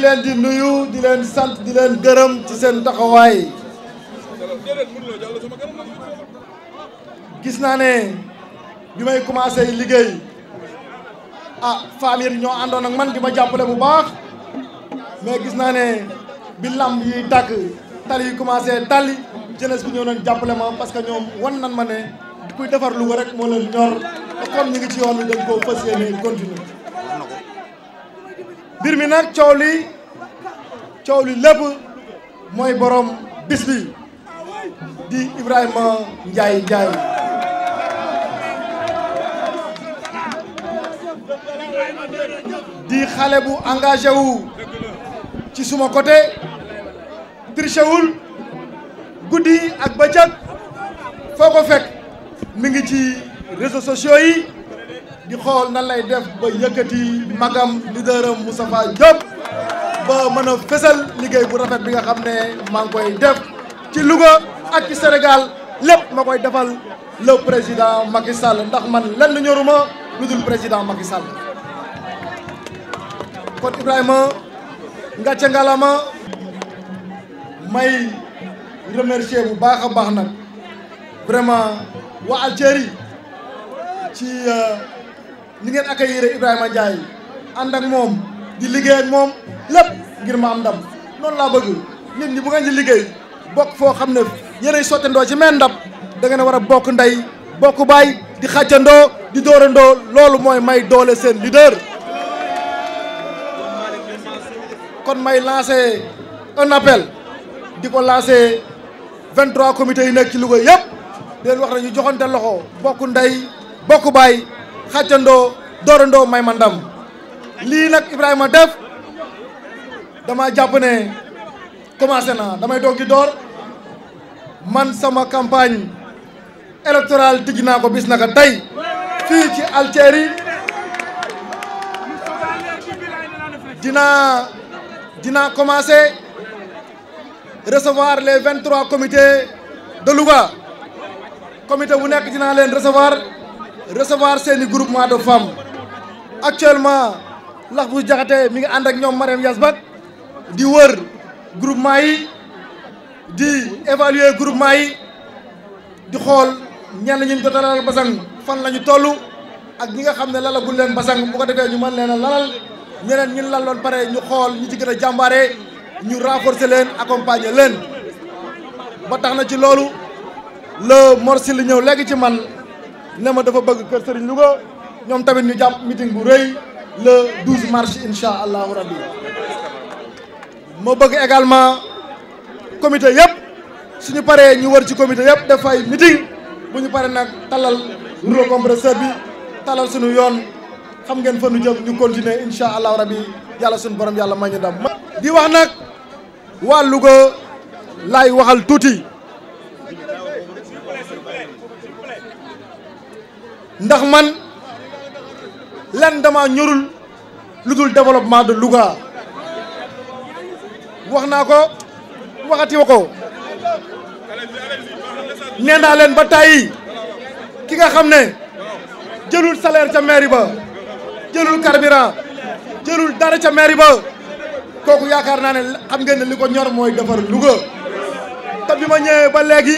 len di nuyu di len sant di len gërem ci sen taxaway gis na ne bi may commencé liggéey ah famir yi ñoo àndoon ak man di ma jàppale bu baax mais gis na ne bi lamb yi tàkk tali yi commencé tali jeunesse bi ñoo nañ jappalé ma parce que ñoom won nañ ma ne kuy défar lu wa rek mo leen ñor te comme ñu ngi ci yoon dañ ko fassiyé yéene continuer mbir mi nak coow li coow li borom bis di Ibrahima njay njay di xalé bu engagé wu ci suma côté trichewul goudi ak bëcëk foko fek mi ngi ci réseaux sociaux di xool nan lay def ba yëkkati magam leaderam Moustapha Diop ba mën a fësal liggéey bu rafet bi nga xam ne maa ngi koy def ci Louga ak ci lépp ma koy defal le président Macky ndax man lenn ñoruma lu dul président Macky Sall kon Ibrahima ngàcce ngalama may remercier bu baax a baax nag vraiment waa Algérie ci euh, ni ngeen accueillir Ibrahima yi ànd ak moom di liggéey ak moom lépp ngir ma am ndam noonu laa bëgg nit ñi bu ngeen di liggéey bokk foo xam ne yéenay ndoo ci meen ndab da ngeen war a bokk ndey bokk baay di ndoo di dóorandoo loolu mooy may doole seen leader. kon may lancé un appel di ko lancé 23 comités yi nekk ci Louga yëpp den wax nañu ñu joxante loxo bokk ndey bokk baay. xàccandoo doorandoo may ma ndam lii nag Ibrahima def dama jàpp ne commencé na damay doog di door man sama campagne électorale tijji naa ko bis naka tey fii ci Algérie dinaa dinaa commencé recevoir les vingt trois comités de Louga comité bu nekk dinaa leen recevoir recevoir seni groupement de femmes actuellement lax bu jaxate mi ngi and ak ñom Mariam Yas di wër groupement yi di évaluer groupement yi di xol ñan ñu jot basang fan lañu tollu ak ñi nga xam ne bu leen basang bu ko defee ñu man leen lalal ñeneen ñi laloon paré ñu xol ñi ci gëna jambaré ñu renforcer leen accompagner leen ba taxna ci lolu le Mor Syll ñëw ci man. ne ma dafa bëgg kër Serigne Louga ñoom tamit ñu jàpp meeting bu rëy le 12 mars incha allahu rabbi ma bëgg également comité yëpp suñu paree ñu war ci comité yëpp def ay meeting bu ñu paree nag talal rouleau compresseur bi talal suñu yoon xam ngeen fa nu jëm ñu continuer incha allahu rabbi yàlla suñu borom yàlla may ñu dam di wax nag waa Louga laay waxal tuuti. ndax man lan dama ñorul lu dul développement de Louga wax naa ko waxati wa ko nee leen ba tàyyi ki nga xam ne jëlul salaire ca mairie ba jëlul carburant jëlul dara ca mairie ba kooku yaakaar naa ne xam ngeen ne li ko ñor mooy defar Louga te bi ma ñëwee ba léegi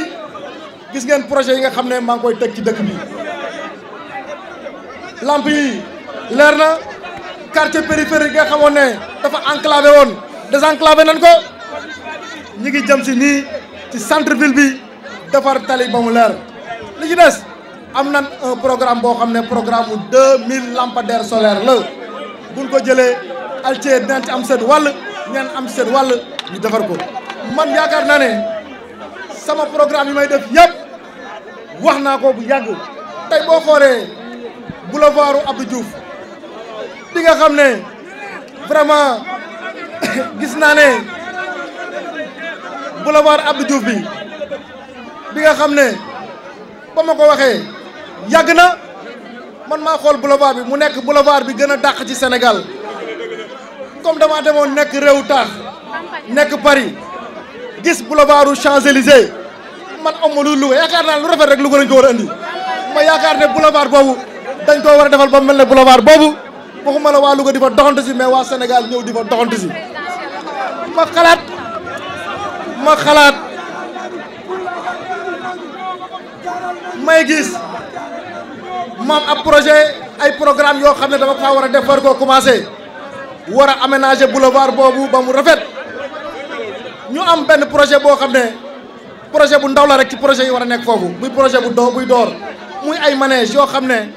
gis ngeen projet yi nga xam ne maa ngi koy teg ci dëkk bi lamp yi leer na quartier périphérique nga xamoon ne dafa enclavé woon désenclavé nañ ko ñi ngi jëm si nii ci centre ville bi defar tali mu leer li ci des am nan un programme boo xam ne programme mu deux mille lampadaires solaires la buñ ko jëlee altier dinañ ci am seen wàll ñaan am seen wàll ñu defar ko man yaakaar naa ne sama programme yi may def yëpp wax naa ko bu yàgg tey boo xoolee boulevard Abdou Diouf di nga xam ne vraiment gis naa ne boulevard Abdou Diouf bi nga xam ne ba ma ko waxee yàgg na man maa xool boulevard bi mu nekk boulevard bi gën dàq ci senegal comme dama demoon nekk réew taax nekk Paris gis boulevardu Champs-Élysées man am ma lu luwe yaakaar naa lu rafet rek lu ko lañ ko ma yaakaar ne boulevard boobu dañ koo war a defal ba mel ne boulevard boobu waxuma la waa Louga di fa doxantu si mais waa Sénégal ñëw di fa doxantu si ma xalaat ma xalaat may gis maam ab projet ay programme yoo xam ne dafa faa war a def war koo commencé war a aménager boulevard boobu ba mu rafet ñu am benn projet boo xam ne projet bu ndaw la rek ci projet yi war a nekk foofu muy projet bu doo buy door muy ay manège yoo xam ne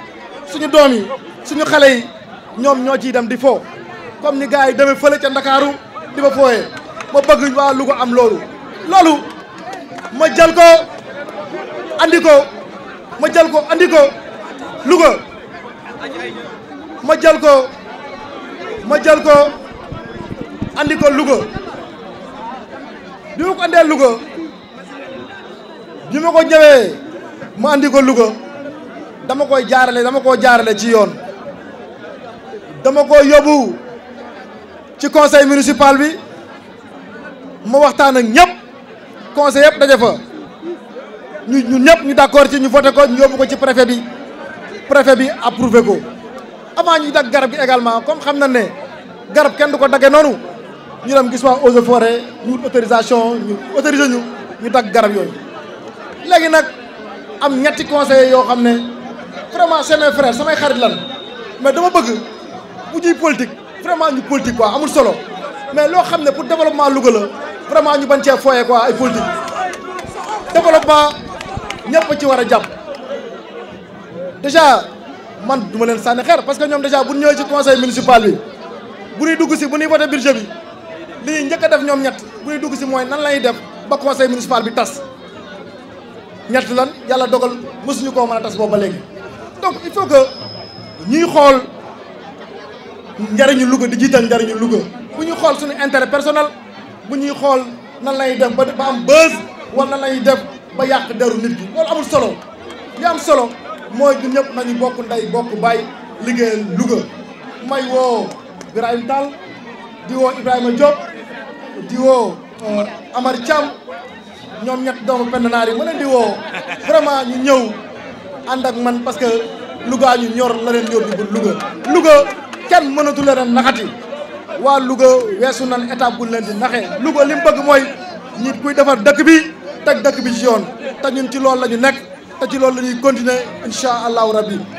suñu doom yi suñu xale yi ñoom ñoo ciy dem di fo comme ni gars yi demee fële ca Ndakaaru di ba fooyee ma bëgg waa Louga am loolu loolu ma jël ko andi ko ma jël ko andi ko Louga ma ko ma jël ko andi ma ko ñëwee ma andi ko dama koy jaarale dama koo jaarale ci yoon dama ko yóbbu ci conseil municipal bi ma waxtaan ak ñëpp conseil yëpp daje fa ñu ñu ñëpp ñu d'accord ci ñu voté ko ñu yóbbu ko ci préfet bi préfet bi approuvé ko avant ñuy dagg garab gi également comme xam na ne garab kenn du ko dagge noonu ñu dem gis waa eaux et forêt ñu autorisation ñu autorisé ñu ñu dagg garab yooyu léegi nag am ñetti conseillers yoo xam ne vraiment c'est mes frères samay xarit lan mais dama bëgg bu ñuy politique vraiment ñu politique quoi amul solo mais loo xam ne pour développement Louga la vraiment ñu bañ cee fooyee quoi ay politique développement ñëpp ci war a jàpp déjà man du ma leen sànni xeer parce que ñoom déjà bu ñëwee ci conseil municipal bi bu ñuy dugg si bu ñuy voté budget bi li ñuy njëkk a def ñoom ñett bu ñuy dugg si mooy nan lañuy def ba conseil municipal bi tas ñett lan yàlla dogal mësuñu koo mën a tas boobu ba léegi donc il faut que ñuy xool njariñu Louga di jiital njariñu Louga bu ñuy xool suñu intérêt personnel bu ñuy xool nan lay def ba ba am buzz wala lay def ba yàq deru nit gi loolu amul solo li am solo mooy ñun ñëpp nañu bokk ndey bokk baay liggéeyal Louga may woo Birahim Tall di woo Ibrahima Diop di woo euh, Amar Thiam ñoom ñett doomu penn naar yi ma leen di woo vraiment ñu ñëw ànd ak man parce que luga ñu ñor la leen ñor ñu bu luga luga kenn mënatu la leen naxati wa luga wessu nan étape bu leen di naxé luga lim bëgg moy nit kuy défar dëkk bi tak dëkk bi ci yoon ta ñun ci loolu lañu ñu nekk te ci loolu lañuy continuer inshallah rabbi